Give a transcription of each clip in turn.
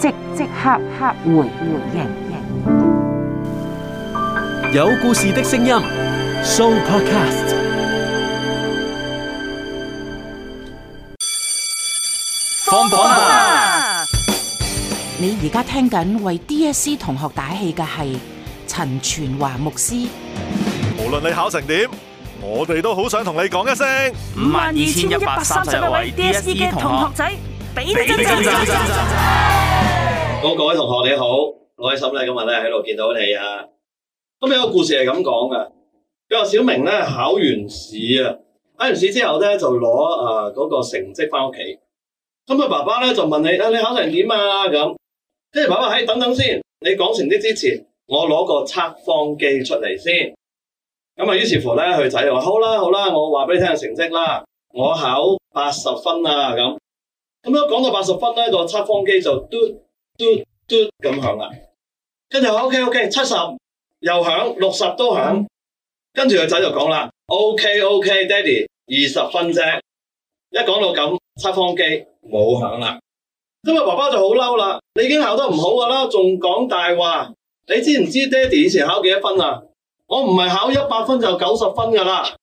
即即刻刻回回應，有故事的聲音，So Podcast。放榜、啊、你而家聽緊為 DSE 同學打氣嘅係陳全華牧師。無論你考成點，我哋都好想同你講一聲五萬二千一百三十六位 DSE 嘅同學仔，俾你真摯。好，各位同學你好，我喺心咧，今日咧喺度見到你啊。咁有個故事係咁講噶，佢話小明咧考完試啊，考完試之後咧就攞誒嗰個成績翻屋企。咁佢爸爸咧就問你啊、哎，你考成點啊？咁，跟住爸爸喺、哎、等等先，你講成績之前，我攞個測謊機出嚟先。咁啊，於是乎咧，佢仔就話好啦好啦，我話俾你聽下成績啦，我考八十分啊咁。咁一講到八十分咧，那個測謊機就嘟。都都咁響啦，跟住 OK OK，七十又響，六十都響，嗯、跟住個仔就講啦，OK OK，爹哋二十分啫，一講到咁測謊機冇響啦，因為爸爸就好嬲啦，你已經考得唔好噶啦，仲講大話，你知唔知爹哋以前考幾多分啊？我唔係考一百分就九十分噶啦，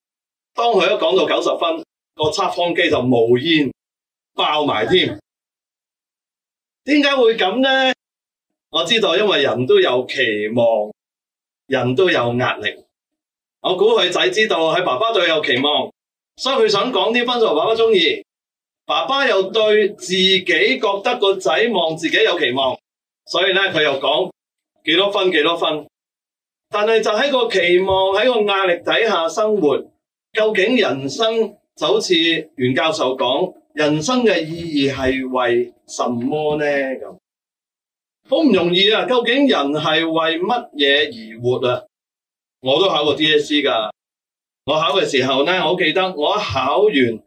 當佢一講到九十分，個測謊機就冒煙爆埋添。點解會咁呢？我知道，因為人都有期望，人都有壓力。我估佢仔知道，喺爸爸對佢有期望，所以佢想講啲分數，爸爸中意。爸爸又對自己覺得個仔望自己有期望，所以咧佢又講幾多分，幾多分。但係就喺個期望喺個壓力底下生活，究竟人生就好似袁教授講。人生嘅意義係為什麼呢？咁好唔容易啊！究竟人係為乜嘢而活啊？我都考過 D A C 噶我考嘅時候呢，我好記得，我一考完，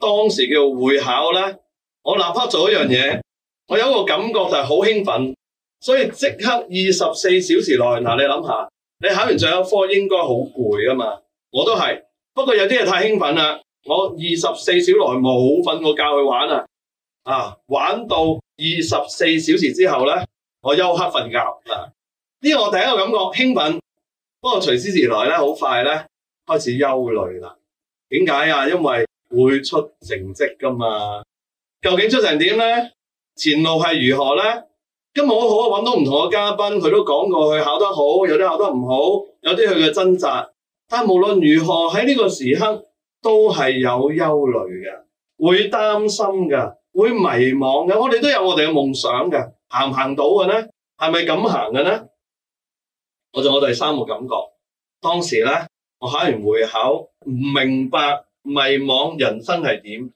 當時叫會考呢，我立刻做一樣嘢，我有一個感覺就係好興奮，所以即刻二十四小時內，嗱、啊，你諗下，你考完最後一科應該好攰啊嘛，我都係，不過有啲嘢太興奮啦。我二十四小時內冇瞓過覺去玩啊！啊，玩到二十四小時之後呢，我休克瞓覺啊！呢、這個我第一個感覺興奮，不過隨之而來呢，好快呢開始憂慮啦。點解啊？因為會出成績㗎嘛。究竟出成點呢？前路係如何呢？今日我好啊，搵到唔同嘅嘉賓，佢都講過佢考得好，有啲考得唔好，有啲佢嘅掙扎。但係無論如何喺呢個時刻，都係有憂慮嘅，會擔心嘅，會迷茫嘅。我哋都有我哋嘅夢想嘅，行唔行到嘅呢？係咪咁行嘅呢？我仲有第三個感覺，當時呢，我考完會考，唔明白、迷茫，人生係點？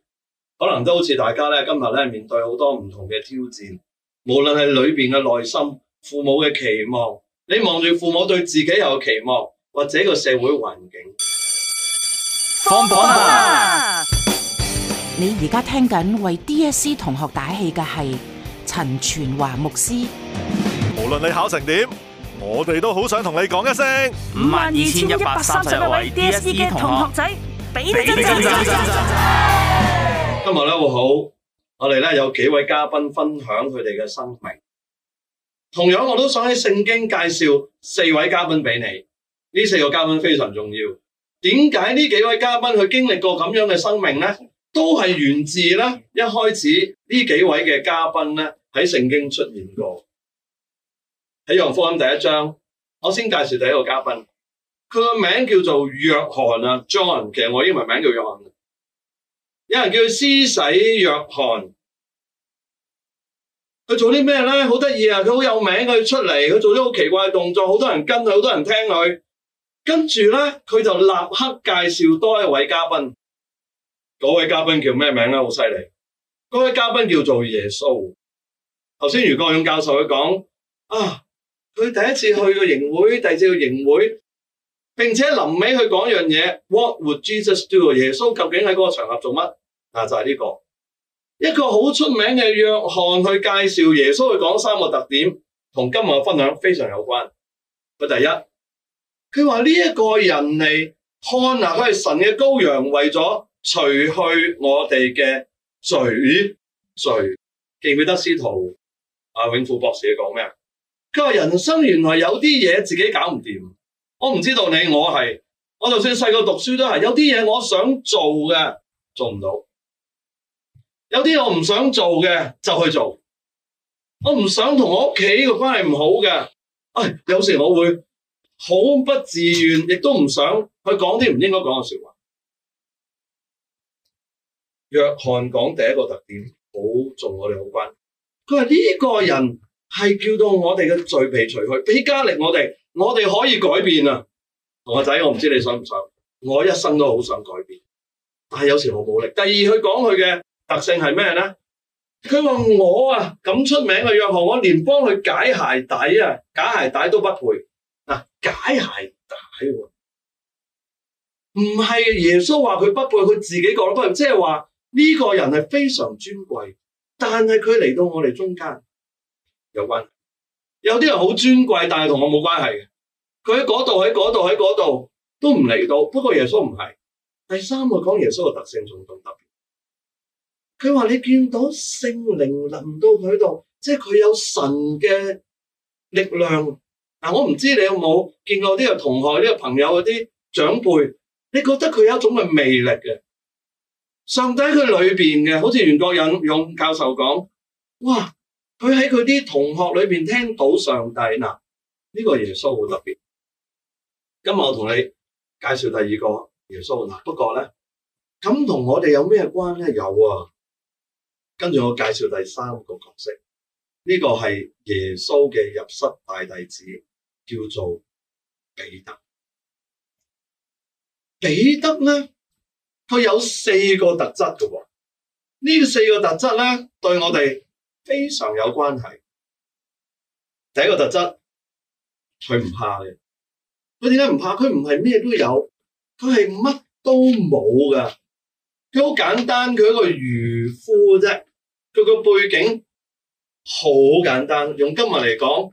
可能都好似大家呢，今日呢面對好多唔同嘅挑戰，無論係裏邊嘅內心、父母嘅期望，你望住父母對自己有嘅期望，或者個社會環境。放榜啦！啊、你而家聽緊為 DSE 同學打氣嘅係陳全華牧師。無論你考成點，我哋都好想同你講一聲五萬二千一百三十一位 DSE 嘅同學仔，俾你真真真真！今日咧，好，好，我哋咧有幾位嘉賓分享佢哋嘅生命。同樣，我都想喺聖經介紹四位嘉賓俾你。呢四個嘉賓非常重要。點解呢幾位嘉賓佢經歷過咁樣嘅生命咧？都係源自咧一開始呢幾位嘅嘉賓咧喺聖經出現過。喺《約翰福音》第一章，我先介紹第一個嘉賓，佢個名叫做約翰啊，John 其實，我英文名叫約翰，有人叫佢施洗約翰。佢做啲咩咧？好得意啊！佢好有名，佢出嚟，佢做啲好奇怪嘅動作，好多人跟佢，好多人聽佢。跟住咧，佢就立刻介紹多一位嘉賓。嗰位嘉賓叫咩名咧？好犀利！嗰位嘉賓叫做耶穌。頭先余國勇教授佢講啊，佢第一次去個營會，第二次去營會，並且臨尾去講一樣嘢：What would Jesus do？耶穌究竟喺嗰個場合做乜？嗱、這個，就係呢個一個好出名嘅約翰去介紹耶穌去講三個特點，同今日嘅分享非常有關。佢第一。佢話呢一個人嚟看啊，佢係神嘅羔羊，為咗除去我哋嘅罪罪。記唔記得司徒啊永富博士講咩啊？佢話人生原來有啲嘢自己搞唔掂，我唔知道你我係，我就算細個讀書都係，有啲嘢我想做嘅做唔到，有啲我唔想做嘅就去做。我唔想同我屋企個關係唔好嘅，唉，有時我會。好不自願，亦都唔想去講啲唔應該講嘅說話。約翰講第一個特點好重我哋好關，佢話呢個人係叫到我哋嘅罪皮除去，俾加力我哋，我哋可以改變啊！同我仔，我唔知你想唔想，我一生都好想改變，但係有時好冇力。第二，佢講佢嘅特性係咩咧？佢話我啊，咁出名嘅約翰，我連幫佢解鞋底啊、解鞋帶都不配。嗱解係解，唔係耶穌話佢不配，佢自己講咯，不即係話呢個人係非常尊貴，但係佢嚟到我哋中間有關係。有啲人好尊貴，但係同我冇關係嘅，佢喺嗰度，喺嗰度，喺嗰度都唔嚟到。不過耶穌唔係。第三個講耶穌嘅特性仲仲特別，佢話你見到聖靈臨到佢度，即係佢有神嘅力量。嗱、啊，我唔知你有冇見過啲嘅同學、啲嘅朋友、嗰啲長輩，你覺得佢有一種嘅魅力嘅，上帝喺佢裏邊嘅，好似袁國勇教授講，哇，佢喺佢啲同學裏邊聽到上帝嗱，呢、啊，這個耶穌好特別。今日我同你介紹第二個耶穌嗱、啊，不過咧，咁同我哋有咩關咧？有啊，跟住我介紹第三個角色，呢、這個係耶穌嘅入室大弟子。叫做彼得，彼得咧，佢有四個特質嘅喎、哦。呢四個特質咧，對我哋非常有關係。第一個特質，佢唔怕嘅。佢點解唔怕？佢唔係咩都有，佢係乜都冇噶。佢好簡單，佢一個漁夫啫。佢個背景好簡單，用今日嚟講。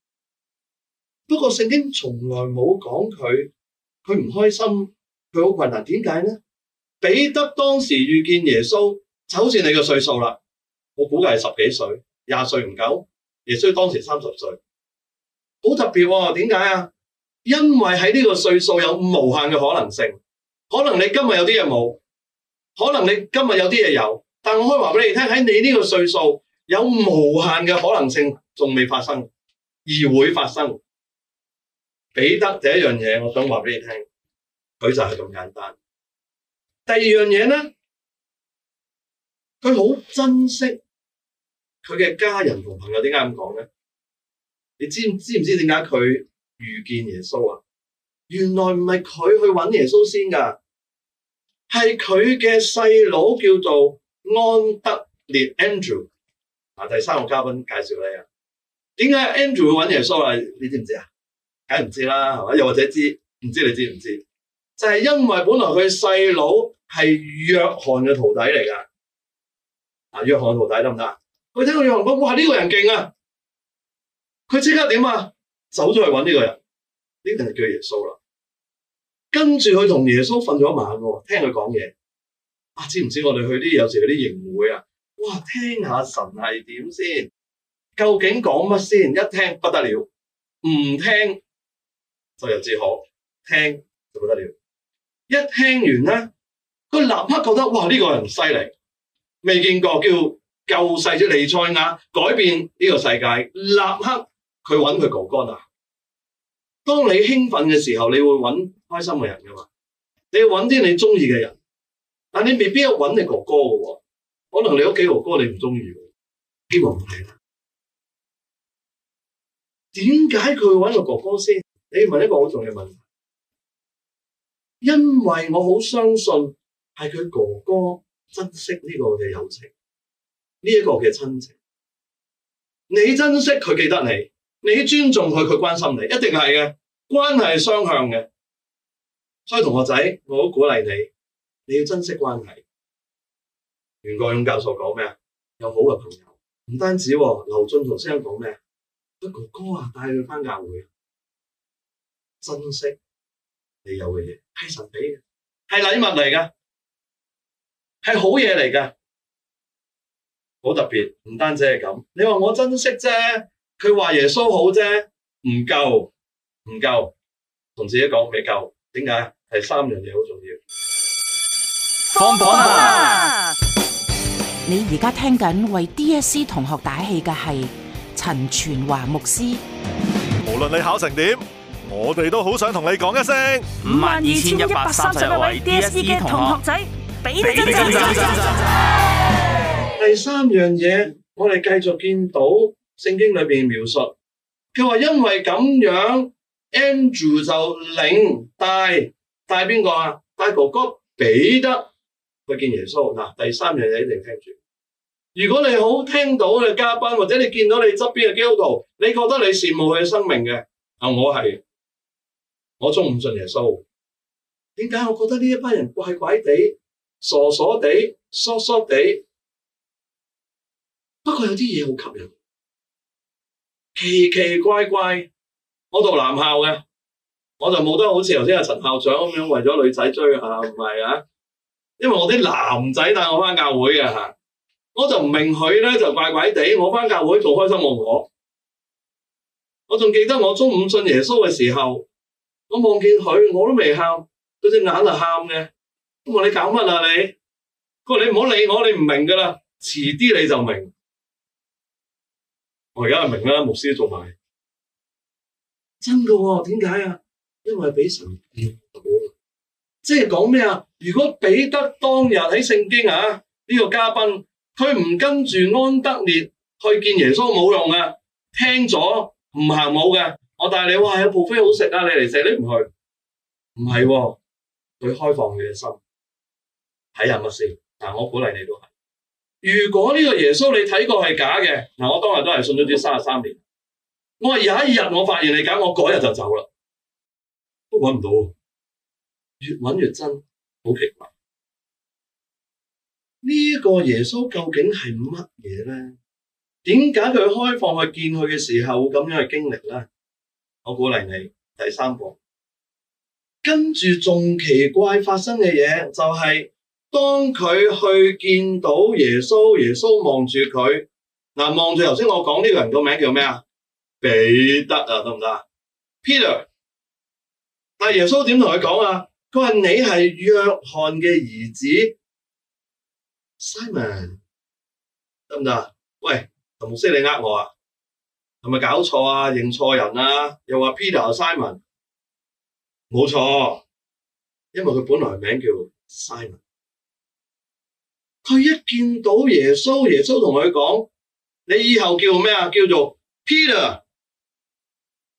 不過聖經從來冇講佢，佢唔開心，佢好困難。點解呢？彼得當時遇見耶穌就好似你個歲數啦，我估計係十幾歲、廿歲唔夠。耶穌當時三十歲，好特別。點解啊？因為喺呢個歲數有無限嘅可能性，可能你今日有啲嘢冇，可能你今日有啲嘢有。但我可以話俾你聽，喺你呢個歲數有無限嘅可能性仲未發生，而會發生。彼得第一樣嘢，我想話俾你聽，佢就係咁簡單。第二樣嘢咧，佢好珍惜佢嘅家人同朋友。點解咁講咧？你知知唔知點解佢遇見耶穌啊？原來唔係佢去揾耶穌先噶，係佢嘅細佬叫做安德烈 Andrew。啊，第三個嘉賓介紹你啊？點解 Andrew 會揾耶穌啊？你知唔知啊？梗唔知啦，係嘛？又或者知唔知你知唔知？就係因為本來佢細佬係約翰嘅徒弟嚟噶，啊，約翰徒弟得唔得？佢聽到約翰講，哇，呢個人勁啊！佢即刻點啊？走咗去搵呢個人，呢個人叫耶穌啦。跟住佢同耶穌瞓咗一晚，聽佢講嘢。啊，知唔知我哋去啲有時嗰啲營會啊？哇，聽下神係點先？究竟講乜先？一聽不得了，唔聽。收入至好，聽就不得了，一聽完咧，佢立刻覺得，哇呢個人犀利，未見過，叫救世之尼賽亞，改變呢個世界，立刻佢揾佢哥哥啦。當你興奮嘅時候，你會揾開心嘅人噶嘛？你揾啲你中意嘅人，但你未必有揾你哥哥噶喎。可能你屋企哥哥你唔中意，希望唔係啦。點解佢會揾個哥哥先？你問一個好重要嘅問題，因為我好相信係佢哥哥珍惜呢個嘅友情，呢一個嘅親情。你珍惜佢，記得你，你尊重佢，佢關心你，一定係嘅關係係雙向嘅。所以同學仔，我好鼓勵你，你要珍惜關係。袁國勇教授講咩啊？有好嘅朋友，唔單止、哦。劉俊同先生講咩啊？哥哥啊，帶佢翻教會。珍惜你有嘅嘢，係神俾嘅，係禮物嚟噶，係好嘢嚟噶，好特別。唔單止係咁，你話我珍惜啫，佢話耶穌好啫，唔夠，唔夠，同自己講未夠？點解？係三樣嘢好重要。放榜了啦！了你而家聽緊為 DSC 同學打氣嘅係陳全華牧師。無論你考成點。我哋都好想同你講一聲，五萬二千一百三十多位 DSE 嘅同學仔，俾真神仔。第三樣嘢，我哋繼續見到聖經裏邊描述，佢話因為咁樣，Andrew 就領帶帶邊個啊？帶哥哥彼得去見耶穌。嗱，第三樣嘢一定要聽住。如果你好聽到嘅嘉賓，或者你見到你側邊嘅基督徒，你覺得你羨慕佢嘅生命嘅，啊，我係。我中午信耶穌，點解？我覺得呢一班人怪怪地、傻傻地、傻傻地。不過有啲嘢好吸引，奇奇怪怪。我讀男校嘅，我就冇得好似頭先阿陳校長咁樣為咗女仔追下，唔係啊？因為我啲男仔帶我翻教會嘅吓，我就唔明佢咧就怪怪地。我翻教會仲開心過我。我仲記得我中午信耶穌嘅時候。我望見佢，我都未喊，佢隻眼就喊嘅。我話，你搞乜啊你？佢話，你唔好理我，你唔明噶啦，遲啲你就明。我而家就明啦，牧師都做埋真噶喎？點解啊？因為俾神用到，即係講咩啊？如果彼得當日喺聖經啊呢個嘉賓，佢唔跟住安德烈去見耶穌冇用噶，聽咗唔行冇噶。我帶你話有 buffet 好食啊！你嚟食，你唔去，唔係，啊，佢開放佢嘅心，睇下乜先。但我鼓勵你都係。如果呢個耶穌你睇過係假嘅，嗱，我當日都係信咗啲三十三年，我話有一日我發現你假，我嗰日就走啦，都揾唔到，越揾越真，好奇怪。呢、這個耶穌究竟係乜嘢咧？點解佢開放去見佢嘅時候咁樣嘅經歷咧？我鼓勵你第三個，跟住仲奇怪發生嘅嘢就係、是，當佢去見到耶穌，耶穌望住佢，嗱望住，頭先我講呢個人個名叫咩啊？彼得啊，得唔得？Peter，但耶穌點同佢講啊？佢話你係約翰嘅兒子 Simon，得唔得？喂，同冇識你呃我啊？係咪搞錯啊？認錯人啊？又話 Peter 和 Simon，冇錯，因為佢本來名叫 Simon。佢一見到耶穌，耶穌同佢講：你以後叫咩啊？叫做 Peter。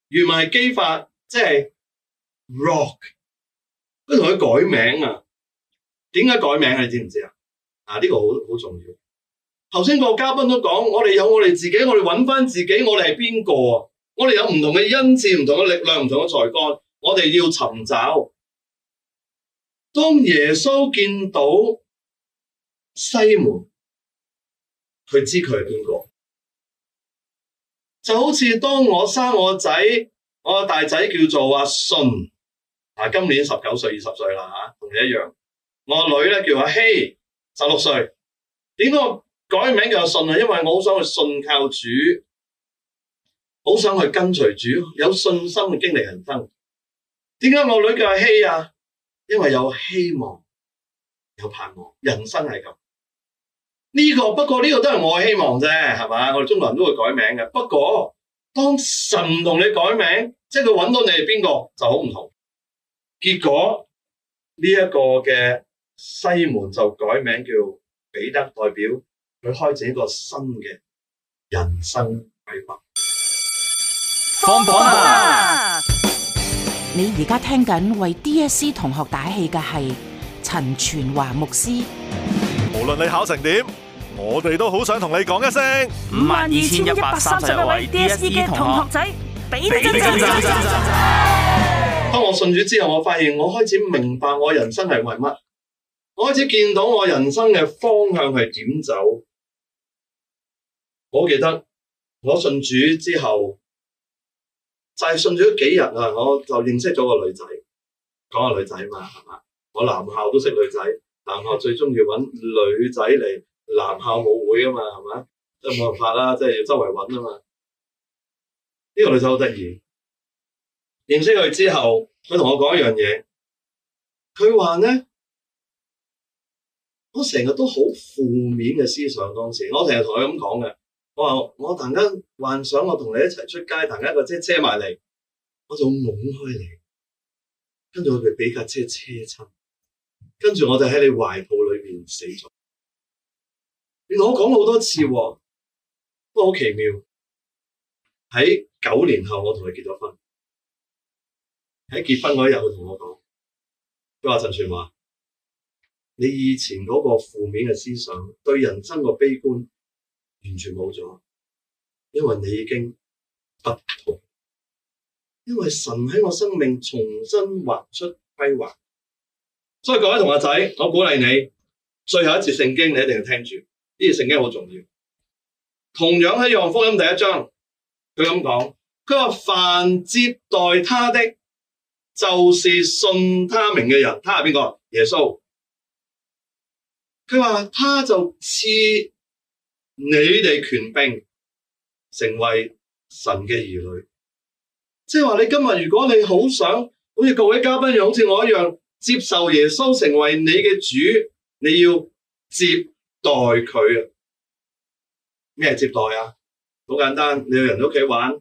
原文係基法，即係 Rock。佢同佢改名啊？點解改名啊？你知唔知啊？啊、這個，呢個好好重要。頭先個嘉賓都講，我哋有我哋自己，我哋揾翻自己，我哋係邊個？我哋有唔同嘅恩賜、唔同嘅力量、唔同嘅才幹，我哋要尋找。當耶穌見到西門，佢知佢係邊個，就好似當我生我仔，我個大仔叫做阿信，啊，今年十九歲二十歲啦吓，同你一樣。我女咧叫阿希，十六歲，點解？改名叫信啊，因為我好想去信靠主，好想去跟隨主，有信心去經歷人生。點解我女叫阿希啊？因為有希望，有盼望，人生係咁。呢個不過呢個都係我嘅希望啫，係嘛？我哋中國人都會改名嘅。不過當神同你改名，即係佢揾到你係邊個就好唔同。結果呢一個嘅西門就改名叫彼得，代表。去開始一個新嘅人生計劃。放榜啦！你而家聽緊為 D S C 同學打氣嘅係陳全華牧師。無論你考成點，我哋都好想同你講一聲五萬二千一百三十位 D S C 嘅同學仔，俾你真神讚！當我信主之後，我發現我開始明白我人生係為乜，我開始見到我人生嘅方向係點走。我記得我信主之後，就係信咗幾日啊，我就認識咗個女仔，講個女仔嘛，係嘛？我男校都識女仔，男校最中意搵女仔嚟男校舞會啊嘛，係嘛？都冇辦法啦，即係要周圍搵啊嘛。呢個女仔好得意，認識佢之後，佢同我講一樣嘢，佢話咧我成日都好負面嘅思想，當時我成日同佢咁講嘅。我話我突然間幻想我同你一齊出街，突然間一個姐姐車車埋嚟，我就懵開你，跟住我哋俾架車車親，跟住我就喺你懷抱裏面死咗。原來我講咗好多次，都好奇妙。喺九年後，我同佢結咗婚。喺結婚嗰日，佢同我講：佢話陳全華，你以前嗰個負面嘅思想，對人生個悲觀，完全冇咗，因為你已經不同，因為神喺我生命重新畫出規劃，所以各位同學仔，我鼓勵你最後一次聖經你一定要聽住，呢次聖經好重要。同樣喺《約翰福音》第一章，佢咁講，佢話凡接待他的，就是信他名嘅人，他係邊個？耶穌。佢話他就賜……」你哋權柄，成為神嘅兒女，即係話你今日如果你好想，好似各位嘉賓，又好似我一樣接受耶穌成為你嘅主，你要接待佢啊！咩接待啊？好簡單，你去人哋屋企玩，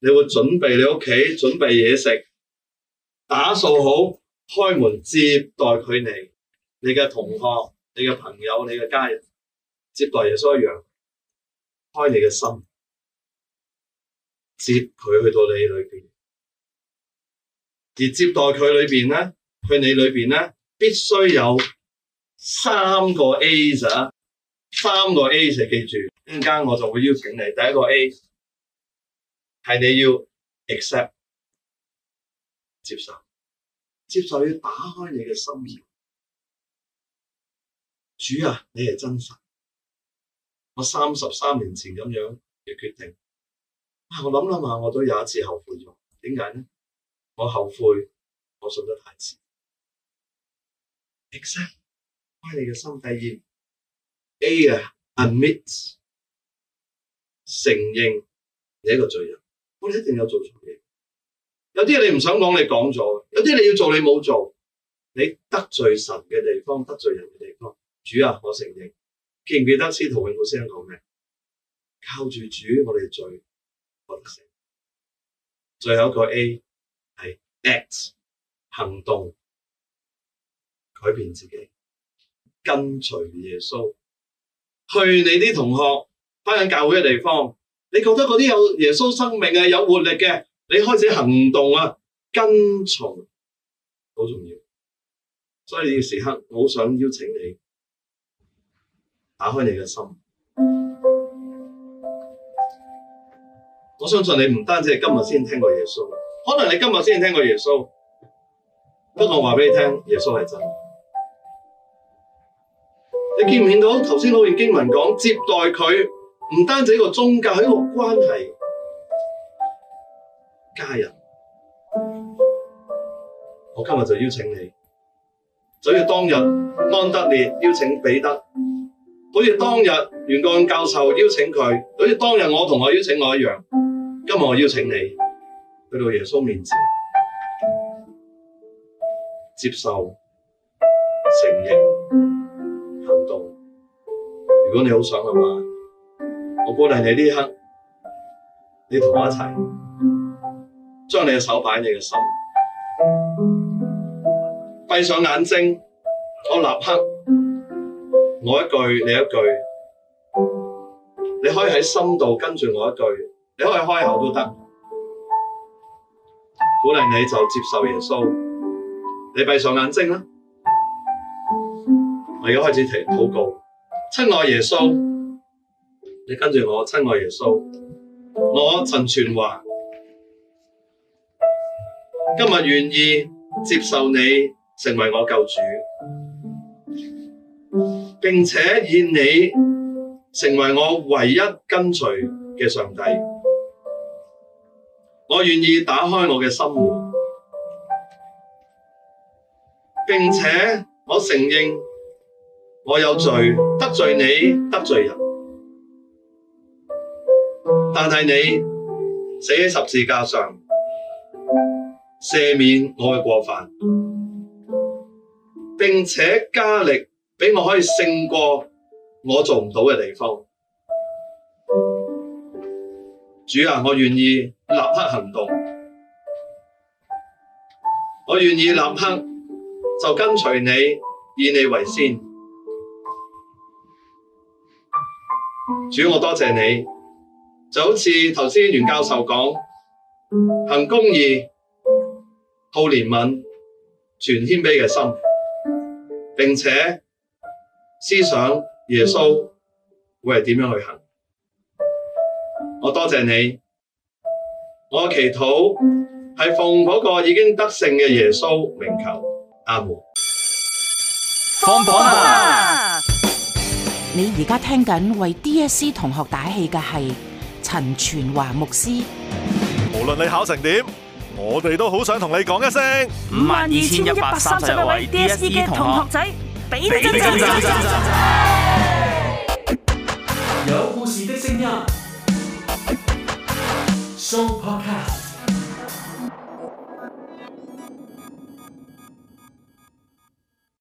你會準備你屋企，準備嘢食，打掃好，開門接待佢嚟，你嘅同學、你嘅朋友、你嘅家人。接待耶穌一樣，開你嘅心，接佢去到你裏邊，而接待佢裏邊呢，去你裏邊呢，必須有三個 A 啊，三個 A 就記住，一陣間我就會邀請你，第一個 A 係你要 accept 接受，接受要打開你嘅心門，主啊，你係真實。我三十三年前咁樣嘅決定，啊，我諗諗下，我都有一次後悔咗。點解呢？我後悔我信得太遲。Exactly，我嘅心體驗，A 啊 a d m i t 承認你一個罪人，我哋一定有做錯嘢。有啲嘢你唔想講，你講咗；有啲你要做，你冇做。你得罪神嘅地方，得罪人嘅地方。主啊，我承認。記唔記得司徒永老師講咩？靠住主我，我哋最，我哋最後一個 A 係 act，行動，改變自己，跟隨耶穌。去你啲同學翻緊教會嘅地方，你覺得嗰啲有耶穌生命嘅、啊、有活力嘅，你開始行動啊，跟從，好重要。所以時刻我好想邀請你。打開你嘅心，我相信你唔單止係今日先聽過耶穌，可能你今日先聽過耶穌。不過我話俾你聽，耶穌係真的。你見唔見到頭先老員經文講接待佢，唔單止一個宗教，一個關係家人。我今日就邀請你，就要當日安德烈邀請彼得。好似當日袁剛教授邀請佢，好似當日我同學邀請我一樣，今日我邀請你去到耶穌面前，接受、承認、行動。如果你好想嘅話，我鼓勵你呢刻，你同我一齊，將你嘅手擺喺你嘅心，閉上眼睛，我立刻。我一句，你一句，你可以喺心度跟住我一句，你可以開口都得，鼓勵你就接受耶穌，你閉上眼睛啦，我而家開始提禱告。親愛耶穌，你跟住我，親愛耶穌，我陳全華今日願意接受你成為我救主。並且以你成為我唯一跟隨嘅上帝，我願意打開我嘅心門。並且我承認我有罪，得罪你，得罪人。但係你死喺十字架上，赦免我嘅過犯。並且加力。俾我可以勝過我做唔到嘅地方，主啊，我願意立刻行動，我願意立刻就跟隨你，以你為先。主，我多謝你，就好似頭先袁教授講，行公義、好憐憫、存謙卑嘅心，並且。思想耶穌會係點樣去行？我多謝你，我祈禱係奉嗰個已經得勝嘅耶穌名求，阿門。放榜啦！你而家聽緊為 DSE 同學打氣嘅係陳全華牧師。無論你考成點，我哋都好想同你講一聲，五萬二千一百三十位 DSE 嘅同學仔。俾你哋讚讚讚！有故事的聲音，Supercast。